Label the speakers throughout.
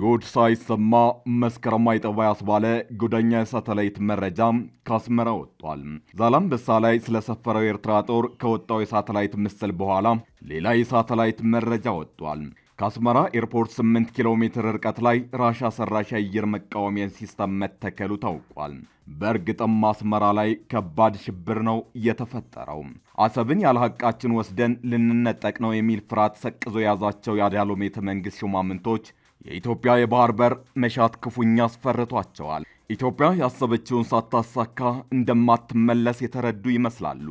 Speaker 1: ጉድ ሳይሰማ መስከረም አይጠባ ያስባለ ጉደኛ የሳተላይት መረጃ ከአስመራ ወጥቷል። ዛላምበሳ ላይ ስለሰፈረው የኤርትራ ጦር ከወጣው የሳተላይት ምስል በኋላ ሌላ የሳተላይት መረጃ ወጥቷል። ከአስመራ ኤርፖርት 8 ኪሎ ሜትር ርቀት ላይ ራሻ ሰራሽ አየር መቃወሚያ ሲስተም መተከሉ ታውቋል። በእርግጥም አስመራ ላይ ከባድ ሽብር ነው የተፈጠረው። አሰብን ያለሐቃችን ወስደን ልንነጠቅ ነው የሚል ፍርሃት ሰቅዞ የያዛቸው የአዳሎ ቤተ መንግሥት ሹማምንቶች የኢትዮጵያ የባህር በር መሻት ክፉኛ አስፈርቷቸዋል። ኢትዮጵያ ያሰበችውን ሳታሳካ እንደማትመለስ የተረዱ ይመስላሉ።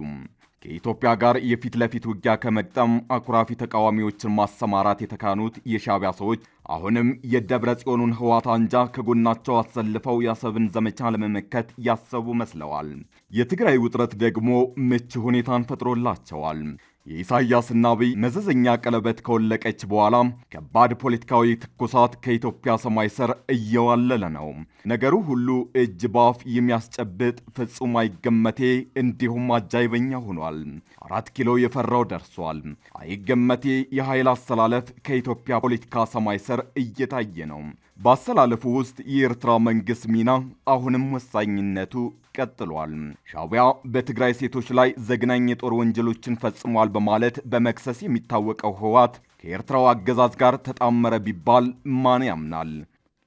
Speaker 1: ከኢትዮጵያ ጋር የፊት ለፊት ውጊያ ከመግጠም አኩራፊ ተቃዋሚዎችን ማሰማራት የተካኑት የሻቢያ ሰዎች አሁንም የደብረ ጽዮኑን ህዋት አንጃ ከጎናቸው አሰልፈው የአሰብን ዘመቻ ለመመከት ያሰቡ መስለዋል። የትግራይ ውጥረት ደግሞ ምቹ ሁኔታን ፈጥሮላቸዋል። የኢሳያስና አብይ መዘዘኛ ቀለበት ከወለቀች በኋላ ከባድ ፖለቲካዊ ትኩሳት ከኢትዮጵያ ሰማይ ስር እየዋለለ ነው። ነገሩ ሁሉ እጅ ባፍ የሚያስጨብጥ ፍጹም አይገመቴ እንዲሁም አጃይበኛ ሆኗል። አራት ኪሎ የፈራው ደርሷል። አይገመቴ የኃይል አሰላለፍ ከኢትዮጵያ ፖለቲካ ሰማይ ስር እየታየ ነው። በአሰላለፉ ውስጥ የኤርትራ መንግስት ሚና አሁንም ወሳኝነቱ ቀጥሏል። ሻዕቢያ በትግራይ ሴቶች ላይ ዘግናኝ የጦር ወንጀሎችን ፈጽሟል በማለት በመክሰስ የሚታወቀው ህወሓት ከኤርትራው አገዛዝ ጋር ተጣመረ ቢባል ማን ያምናል?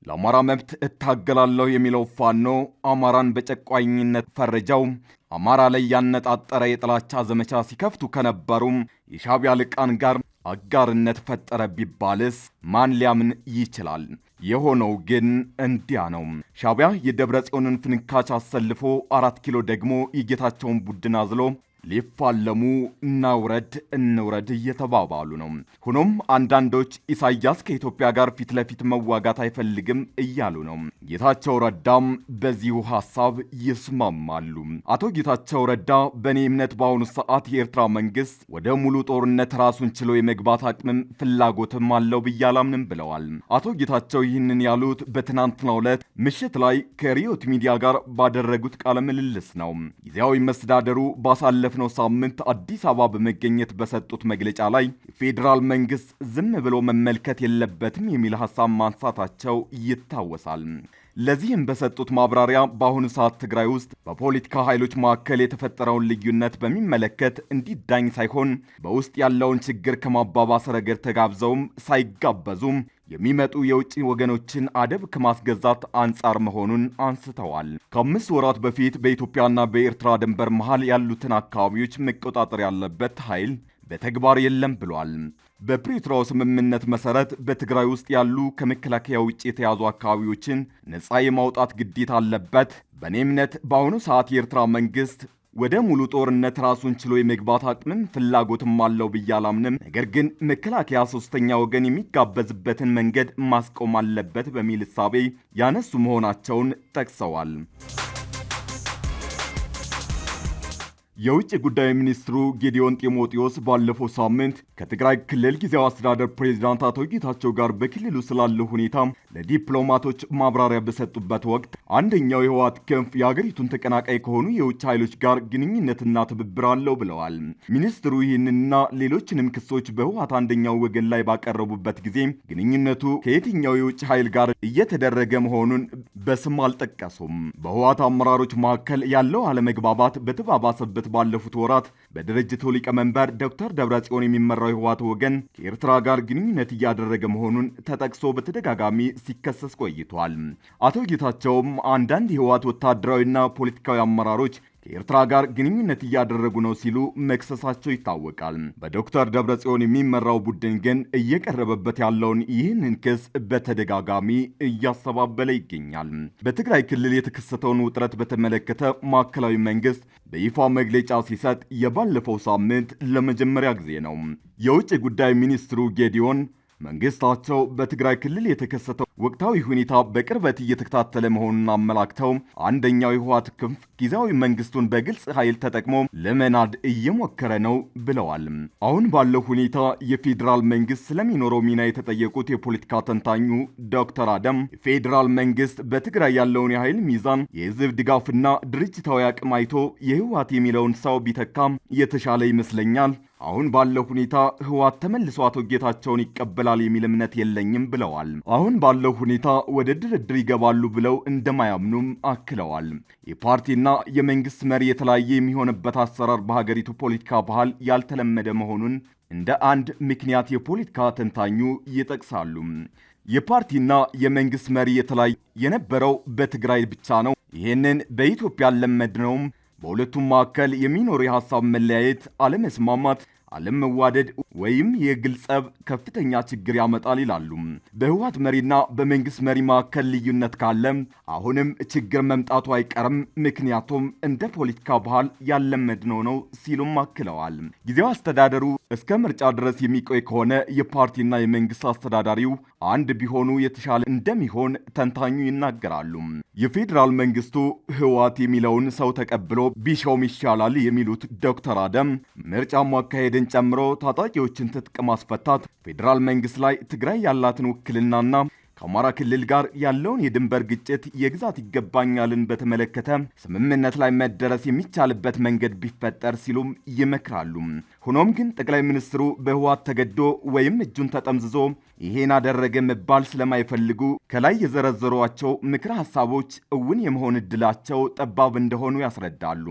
Speaker 1: ለአማራ መብት እታገላለሁ የሚለው ፋኖ አማራን በጨቋኝነት ፈረጃው አማራ ላይ ያነጣጠረ የጥላቻ ዘመቻ ሲከፍቱ ከነበሩም የሻቢያ ልቃን ጋር አጋርነት ፈጠረ ቢባልስ ማን ሊያምን ይችላል? የሆነው ግን እንዲያ ነው። ሻቢያ የደብረ ጽዮንን ፍንካች አሰልፎ አራት ኪሎ ደግሞ የጌታቸውን ቡድን አዝሎ ሊፋለሙ እናውረድ እንውረድ እየተባባሉ ነው። ሆኖም አንዳንዶች ኢሳያስ ከኢትዮጵያ ጋር ፊት ለፊት መዋጋት አይፈልግም እያሉ ነው። ጌታቸው ረዳም በዚሁ ሀሳብ ይስማማሉ። አቶ ጌታቸው ረዳ በእኔ እምነት በአሁኑ ሰዓት የኤርትራ መንግስት ወደ ሙሉ ጦርነት ራሱን ችሎ የመግባት አቅምም ፍላጎትም አለው ብዬ አላምንም ብለዋል። አቶ ጌታቸው ይህንን ያሉት በትናንትናው ዕለት ምሽት ላይ ከሪዮት ሚዲያ ጋር ባደረጉት ቃለ ምልልስ ነው። ጊዜያዊ መስተዳደሩ ባሳለፈ ባሳለፍነው ሳምንት አዲስ አበባ በመገኘት በሰጡት መግለጫ ላይ ፌዴራል መንግስት ዝም ብሎ መመልከት የለበትም የሚል ሀሳብ ማንሳታቸው ይታወሳል። ለዚህም በሰጡት ማብራሪያ በአሁኑ ሰዓት ትግራይ ውስጥ በፖለቲካ ኃይሎች መካከል የተፈጠረውን ልዩነት በሚመለከት እንዲዳኝ ሳይሆን በውስጥ ያለውን ችግር ከማባባስ ረገድ ተጋብዘውም ሳይጋበዙም የሚመጡ የውጭ ወገኖችን አደብ ከማስገዛት አንጻር መሆኑን አንስተዋል። ከአምስት ወራት በፊት በኢትዮጵያና በኤርትራ ድንበር መሃል ያሉትን አካባቢዎች መቆጣጠር ያለበት ኃይል በተግባር የለም ብሏል። በፕሪቶሪያው ስምምነት መሰረት በትግራይ ውስጥ ያሉ ከመከላከያ ውጭ የተያዙ አካባቢዎችን ነጻ የማውጣት ግዴታ አለበት። በእኔ እምነት በአሁኑ ሰዓት የኤርትራ መንግስት ወደ ሙሉ ጦርነት ራሱን ችሎ የመግባት አቅምም ፍላጎትም አለው ብዬ አላምንም። ነገር ግን መከላከያ ሶስተኛ ወገን የሚጋበዝበትን መንገድ ማስቆም አለበት በሚል እሳቤ ያነሱ መሆናቸውን ጠቅሰዋል። የውጭ ጉዳይ ሚኒስትሩ ጌዲዮን ጢሞቴዎስ ባለፈው ሳምንት ከትግራይ ክልል ጊዜያዊ አስተዳደር ፕሬዚዳንት አቶ ጌታቸው ጋር በክልሉ ስላለው ሁኔታ ለዲፕሎማቶች ማብራሪያ በሰጡበት ወቅት አንደኛው የህወሓት ክንፍ የአገሪቱን ተቀናቃይ ከሆኑ የውጭ ኃይሎች ጋር ግንኙነትና ትብብር አለው ብለዋል። ሚኒስትሩ ይህንንና ሌሎችንም ክሶች በህወሓት አንደኛው ወገን ላይ ባቀረቡበት ጊዜ ግንኙነቱ ከየትኛው የውጭ ኃይል ጋር እየተደረገ መሆኑን በስም አልጠቀሱም። በህወሓት አመራሮች መካከል ያለው አለመግባባት በተባባሰበት ባለፉት ወራት በድርጅቱ ሊቀመንበር ዶክተር ደብረጽዮን የሚመራው የህወሓት ወገን ከኤርትራ ጋር ግንኙነት እያደረገ መሆኑን ተጠቅሶ በተደጋጋሚ ሲከሰስ ቆይቷል። አቶ ጌታቸውም አንዳንድ የህወሓት ወታደራዊና ፖለቲካዊ አመራሮች ከኤርትራ ጋር ግንኙነት እያደረጉ ነው ሲሉ መክሰሳቸው ይታወቃል። በዶክተር ደብረጽዮን የሚመራው ቡድን ግን እየቀረበበት ያለውን ይህንን ክስ በተደጋጋሚ እያስተባበለ ይገኛል። በትግራይ ክልል የተከሰተውን ውጥረት በተመለከተ ማዕከላዊ መንግስት በይፋ መግለጫ ሲሰጥ የባለፈው ሳምንት ለመጀመሪያ ጊዜ ነው። የውጭ ጉዳይ ሚኒስትሩ ጌዲዮን መንግስታቸው በትግራይ ክልል የተከሰተው ወቅታዊ ሁኔታ በቅርበት እየተከታተለ መሆኑን አመላክተው አንደኛው የህወሓት ክንፍ ጊዜያዊ መንግስቱን በግልጽ ኃይል ተጠቅሞ ለመናድ እየሞከረ ነው ብለዋል። አሁን ባለው ሁኔታ የፌዴራል መንግስት ስለሚኖረው ሚና የተጠየቁት የፖለቲካ ተንታኙ ዶክተር አደም የፌዴራል መንግስት በትግራይ ያለውን የኃይል ሚዛን፣ የህዝብ ድጋፍና ድርጅታዊ አቅም አይቶ የህወሓት የሚለውን ሰው ቢተካም የተሻለ ይመስለኛል አሁን ባለው ሁኔታ ህወሓት ተመልሶ አቶ ጌታቸውን ይቀበላል የሚል እምነት የለኝም ብለዋል። አሁን ባለው ሁኔታ ወደ ድርድር ይገባሉ ብለው እንደማያምኑም አክለዋል። የፓርቲና የመንግስት መሪ የተለያየ የሚሆንበት አሰራር በሀገሪቱ ፖለቲካ ባህል ያልተለመደ መሆኑን እንደ አንድ ምክንያት የፖለቲካ ተንታኙ ይጠቅሳሉ። የፓርቲና የመንግስት መሪ የተለያየ የነበረው በትግራይ ብቻ ነው። ይህንን በኢትዮጵያ አልለመድነውም በሁለቱም መካከል የሚኖር የሀሳብ መለያየት፣ አለመስማማት አለመዋደድ ወይም የግል ጸብ ከፍተኛ ችግር ያመጣል ይላሉ። በህወሓት መሪና በመንግስት መሪ መካከል ልዩነት ካለ አሁንም ችግር መምጣቱ አይቀርም፣ ምክንያቱም እንደ ፖለቲካ ባህል ያለመድነው ነው ሲሉም አክለዋል። ጊዜው አስተዳደሩ እስከ ምርጫ ድረስ የሚቆይ ከሆነ የፓርቲና የመንግስት አስተዳዳሪው አንድ ቢሆኑ የተሻለ እንደሚሆን ተንታኙ ይናገራሉ። የፌዴራል መንግስቱ ህወሓት የሚለውን ሰው ተቀብሎ ቢሾም ይሻላል የሚሉት ዶክተር አደም ምርጫ ማካሄድን ኃይልን ጨምሮ ታጣቂዎችን ትጥቅ ማስፈታት ፌዴራል መንግስት ላይ ትግራይ ያላትን ውክልናና ከአማራ ክልል ጋር ያለውን የድንበር ግጭት የግዛት ይገባኛልን በተመለከተ ስምምነት ላይ መደረስ የሚቻልበት መንገድ ቢፈጠር ሲሉም ይመክራሉ። ሆኖም ግን ጠቅላይ ሚኒስትሩ በህወሓት ተገዶ ወይም እጁን ተጠምዝዞ ይሄን አደረገ መባል ስለማይፈልጉ ከላይ የዘረዘሯቸው ምክረ ሀሳቦች እውን የመሆን እድላቸው ጠባብ እንደሆኑ ያስረዳሉ።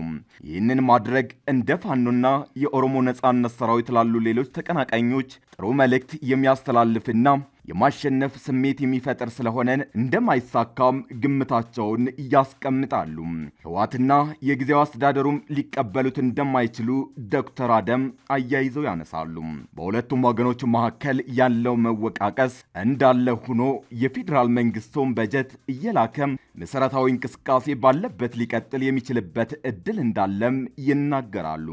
Speaker 1: ይህንን ማድረግ እንደ ፋኖና የኦሮሞ ነጻነት ሰራዊት ላሉ ሌሎች ተቀናቃኞች ጥሩ መልእክት የሚያስተላልፍና የማሸነፍ ስሜት የሚፈጥር ስለሆነ እንደማይሳካም ግምታቸውን ያስቀምጣሉ። ህዋትና የጊዜው አስተዳደሩም ሊቀበሉት እንደማይችሉ ዶክተር አደም አያይዘው ያነሳሉ። በሁለቱም ወገኖች መካከል ያለው መወቃቀስ እንዳለ ሆኖ የፌዴራል መንግስቱን በጀት እየላከም መሰረታዊ እንቅስቃሴ ባለበት ሊቀጥል የሚችልበት እድል እንዳለም ይናገራሉ።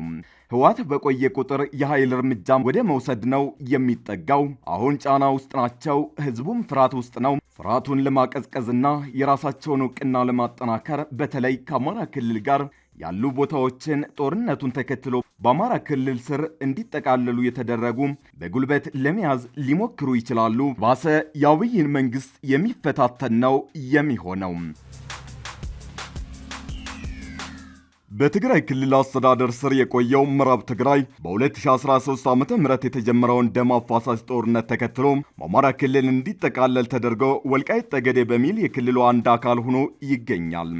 Speaker 1: ህወሓት በቆየ ቁጥር የኃይል እርምጃ ወደ መውሰድ ነው የሚጠጋው። አሁን ጫና ውስጥ ናቸው። ህዝቡም ፍርሃት ውስጥ ነው። ፍርሃቱን ለማቀዝቀዝና የራሳቸውን እውቅና ለማጠናከር በተለይ ከአማራ ክልል ጋር ያሉ ቦታዎችን ጦርነቱን ተከትሎ በአማራ ክልል ስር እንዲጠቃለሉ የተደረጉ በጉልበት ለመያዝ ሊሞክሩ ይችላሉ። ባሰ የአብይን መንግስት የሚፈታተን ነው የሚሆነው። በትግራይ ክልል አስተዳደር ስር የቆየው ምዕራብ ትግራይ በ2013 ዓ ም የተጀመረውን ደም አፋሳሽ ጦርነት ተከትሎ በአማራ ክልል እንዲጠቃለል ተደርጎ ወልቃይት ጠገዴ በሚል የክልሉ አንድ አካል ሆኖ ይገኛል።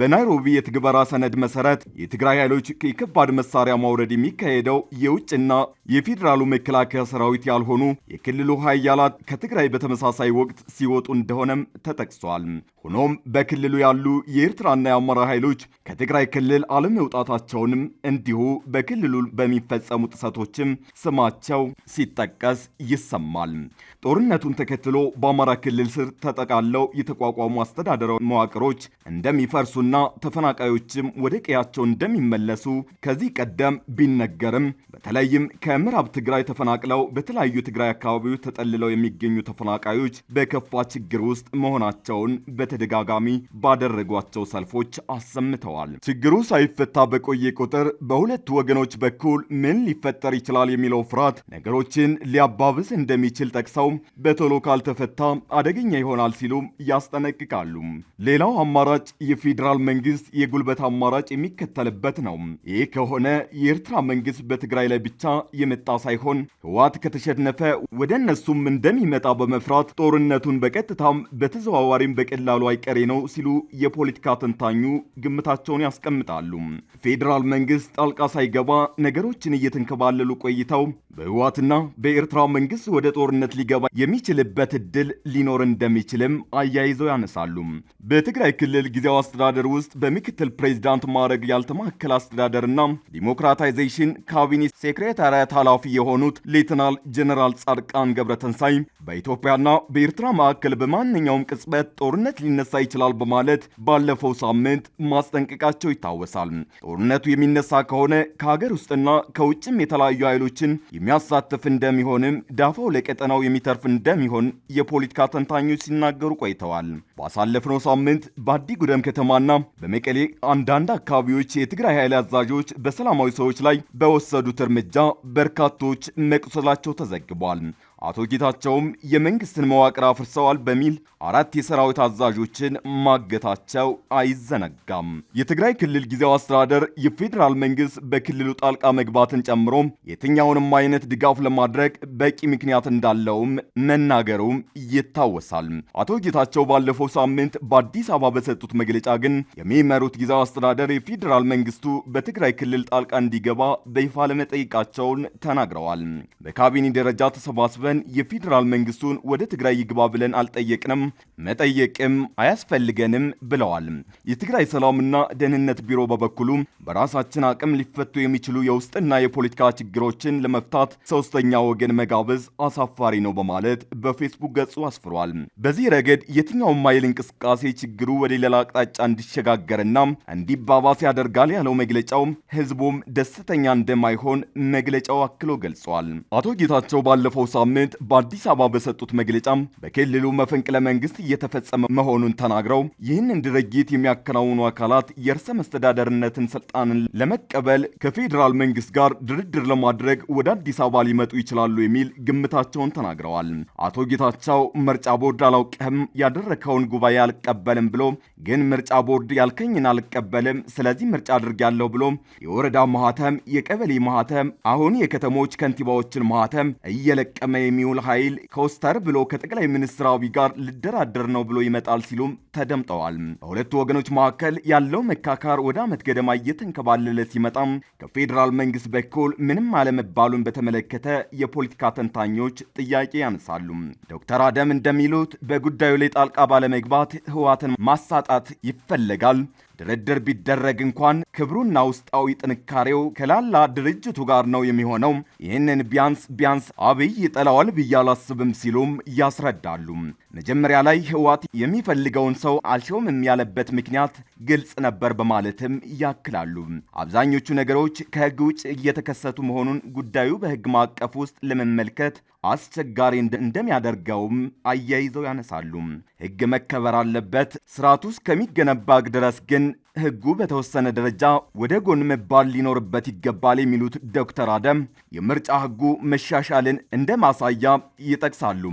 Speaker 1: በናይሮቢ የትግበራ ሰነድ መሰረት የትግራይ ኃይሎች የከባድ መሳሪያ ማውረድ የሚካሄደው የውጭና የፌዴራሉ መከላከያ ሰራዊት ያልሆኑ የክልሉ ኃያላት ከትግራይ በተመሳሳይ ወቅት ሲወጡ እንደሆነም ተጠቅሷል። ሆኖም በክልሉ ያሉ የኤርትራና የአማራ ኃይሎች ከትግራይ ክልል አለመውጣታቸውንም እንዲሁ በክልሉ በሚፈጸሙ ጥሰቶችም ስማቸው ሲጠቀስ ይሰማል። ጦርነቱን ተከትሎ በአማራ ክልል ስር ተጠቃለው የተቋቋሙ አስተዳደራዊ መዋቅሮች እንደሚፈርሱና ተፈናቃዮችም ወደ ቀያቸው እንደሚመለሱ ከዚህ ቀደም ቢነገርም በተለይም ከ ከምዕራብ ትግራይ ተፈናቅለው በተለያዩ ትግራይ አካባቢዎች ተጠልለው የሚገኙ ተፈናቃዮች በከፋ ችግር ውስጥ መሆናቸውን በተደጋጋሚ ባደረጓቸው ሰልፎች አሰምተዋል። ችግሩ ሳይፈታ በቆየ ቁጥር በሁለቱ ወገኖች በኩል ምን ሊፈጠር ይችላል የሚለው ፍርሃት ነገሮችን ሊያባብስ እንደሚችል ጠቅሰው በቶሎ ካልተፈታ አደገኛ ይሆናል ሲሉ ያስጠነቅቃሉ። ሌላው አማራጭ የፌዴራል መንግስት የጉልበት አማራጭ የሚከተልበት ነው። ይህ ከሆነ የኤርትራ መንግስት በትግራይ ላይ ብቻ የመጣ ሳይሆን ህወሓት ከተሸነፈ ወደ እነሱም እንደሚመጣ በመፍራት ጦርነቱን በቀጥታም በተዘዋዋሪም በቀላሉ አይቀሬ ነው ሲሉ የፖለቲካ ተንታኙ ግምታቸውን ያስቀምጣሉ። ፌዴራል መንግስት ጣልቃ ሳይገባ ነገሮችን እየተንከባለሉ ቆይተው በህወሓትና በኤርትራ መንግስት ወደ ጦርነት ሊገባ የሚችልበት እድል ሊኖር እንደሚችልም አያይዘው ያነሳሉ። በትግራይ ክልል ጊዜያዊ አስተዳደር ውስጥ በምክትል ፕሬዚዳንት ማዕረግ ያልተማከለ አስተዳደርና ዲሞክራታይዜሽን ካቢኔት ሴክሬታሪያት ኃላፊ የሆኑት ሌትናል ጀነራል ጻድቃን ገብረተንሳይ በኢትዮጵያና በኤርትራ መካከል በማንኛውም ቅጽበት ጦርነት ሊነሳ ይችላል በማለት ባለፈው ሳምንት ማስጠንቀቃቸው ይታወሳል። ጦርነቱ የሚነሳ ከሆነ ከሀገር ውስጥና ከውጭም የተለያዩ ኃይሎችን የሚያሳትፍ እንደሚሆንም ዳፋው ለቀጠናው የሚተርፍ እንደሚሆን የፖለቲካ ተንታኞች ሲናገሩ ቆይተዋል። ባሳለፍነው ሳምንት በአዲ ጉደም ከተማና በመቀሌ አንዳንድ አካባቢዎች የትግራይ ኃይል አዛዦች በሰላማዊ ሰዎች ላይ በወሰዱት እርምጃ በ በርካቶች መቁሰላቸው ተዘግቧል። አቶ ጌታቸውም የመንግስትን መዋቅር አፍርሰዋል በሚል አራት የሰራዊት አዛዦችን ማገታቸው አይዘነጋም። የትግራይ ክልል ጊዜያዊ አስተዳደር የፌዴራል መንግስት በክልሉ ጣልቃ መግባትን ጨምሮ የትኛውንም አይነት ድጋፍ ለማድረግ በቂ ምክንያት እንዳለውም መናገሩም ይታወሳል። አቶ ጌታቸው ባለፈው ሳምንት በአዲስ አበባ በሰጡት መግለጫ ግን የሚመሩት ጊዜያዊ አስተዳደር የፌዴራል መንግስቱ በትግራይ ክልል ጣልቃ እንዲገባ በይፋ ለመጠየቃቸውን ተናግረዋል። በካቢኔ ደረጃ ተሰባስበን ተቃውመን የፌዴራል መንግስቱን ወደ ትግራይ ይግባ ብለን አልጠየቅንም፣ መጠየቅም አያስፈልገንም ብለዋል። የትግራይ ሰላምና ደህንነት ቢሮ በበኩሉ በራሳችን አቅም ሊፈቱ የሚችሉ የውስጥና የፖለቲካ ችግሮችን ለመፍታት ሶስተኛ ወገን መጋበዝ አሳፋሪ ነው በማለት በፌስቡክ ገጹ አስፍሯል። በዚህ ረገድ የትኛውም ኃይል እንቅስቃሴ ችግሩ ወደ ሌላ አቅጣጫ እንዲሸጋገርና እንዲባባስ ያደርጋል ያለው መግለጫው፣ ህዝቡም ደስተኛ እንደማይሆን መግለጫው አክሎ ገልጿል። አቶ ጌታቸው ባለፈው ሳምንት ትናንት በአዲስ አበባ በሰጡት መግለጫ በክልሉ መፈንቅለ መንግስት እየተፈጸመ መሆኑን ተናግረው ይህንን ድርጊት የሚያከናውኑ አካላት የእርሰ መስተዳደርነትን ስልጣንን ለመቀበል ከፌዴራል መንግስት ጋር ድርድር ለማድረግ ወደ አዲስ አበባ ሊመጡ ይችላሉ የሚል ግምታቸውን ተናግረዋል። አቶ ጌታቸው ምርጫ ቦርድ አላውቅህም ያደረከውን ጉባኤ አልቀበልም ብሎ ግን ምርጫ ቦርድ ያልከኝን አልቀበልም ስለዚህ ምርጫ አድርጌያለሁ ብሎ የወረዳ ማህተም፣ የቀበሌ ማህተም፣ አሁን የከተሞች ከንቲባዎችን ማህተም እየለቀመ የሚውል ኃይል ኮስተር ብሎ ከጠቅላይ ሚኒስትር አብይ ጋር ልደራደር ነው ብሎ ይመጣል ሲሉም ተደምጠዋል። በሁለቱ ወገኖች መካከል ያለው መካካር ወደ ዓመት ገደማ እየተንከባለለ ሲመጣም ከፌዴራል መንግስት በኩል ምንም አለመባሉን በተመለከተ የፖለቲካ ተንታኞች ጥያቄ ያነሳሉ። ዶክተር አደም እንደሚሉት በጉዳዩ ላይ ጣልቃ ባለመግባት ህዋትን ማሳጣት ይፈለጋል። ድርድር ቢደረግ እንኳን ክብሩና ውስጣዊ ጥንካሬው ከላላ ድርጅቱ ጋር ነው የሚሆነው። ይህንን ቢያንስ ቢያንስ አብይ ይጠላዋል ብዬ አላስብም ሲሉም ያስረዳሉ። መጀመሪያ ላይ ህዋት የሚፈልገውን ሰው አልሾምም ያለበት ምክንያት ግልጽ ነበር በማለትም ያክላሉ። አብዛኞቹ ነገሮች ከህግ ውጭ እየተከሰቱ መሆኑን ጉዳዩ በህግ ማዕቀፍ ውስጥ ለመመልከት አስቸጋሪ እንደሚያደርገውም አያይዘው ያነሳሉ። ህግ መከበር አለበት፣ ስርዓቱ እስከሚገነባግ ድረስ ግን and ህጉ በተወሰነ ደረጃ ወደ ጎን መባል ሊኖርበት ይገባል የሚሉት ዶክተር አደም የምርጫ ህጉ መሻሻልን እንደ ማሳያ ይጠቅሳሉ።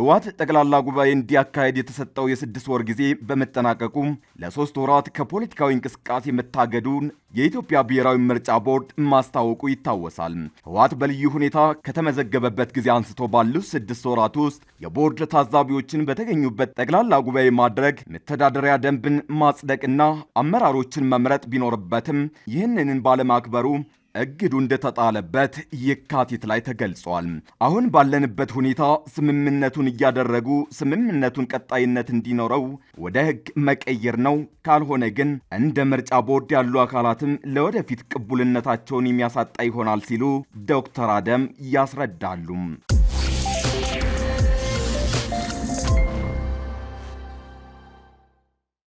Speaker 1: ህወሓት ጠቅላላ ጉባኤ እንዲያካሄድ የተሰጠው የስድስት ወር ጊዜ በመጠናቀቁ ለሶስት ወራት ከፖለቲካዊ እንቅስቃሴ መታገዱን የኢትዮጵያ ብሔራዊ ምርጫ ቦርድ ማስታወቁ ይታወሳል። ህወሓት በልዩ ሁኔታ ከተመዘገበበት ጊዜ አንስቶ ባሉት ስድስት ወራት ውስጥ የቦርድ ታዛቢዎችን በተገኙበት ጠቅላላ ጉባኤ ማድረግ፣ መተዳደሪያ ደንብን ማጽደቅና አመራ አመራሮችን መምረጥ ቢኖርበትም ይህንንን ባለማክበሩ እግዱ እንደተጣለበት የካቲት ላይ ተገልጿል። አሁን ባለንበት ሁኔታ ስምምነቱን እያደረጉ ስምምነቱን ቀጣይነት እንዲኖረው ወደ ሕግ መቀየር ነው። ካልሆነ ግን እንደ ምርጫ ቦርድ ያሉ አካላትም ለወደፊት ቅቡልነታቸውን የሚያሳጣ ይሆናል ሲሉ ዶክተር አደም ያስረዳሉ።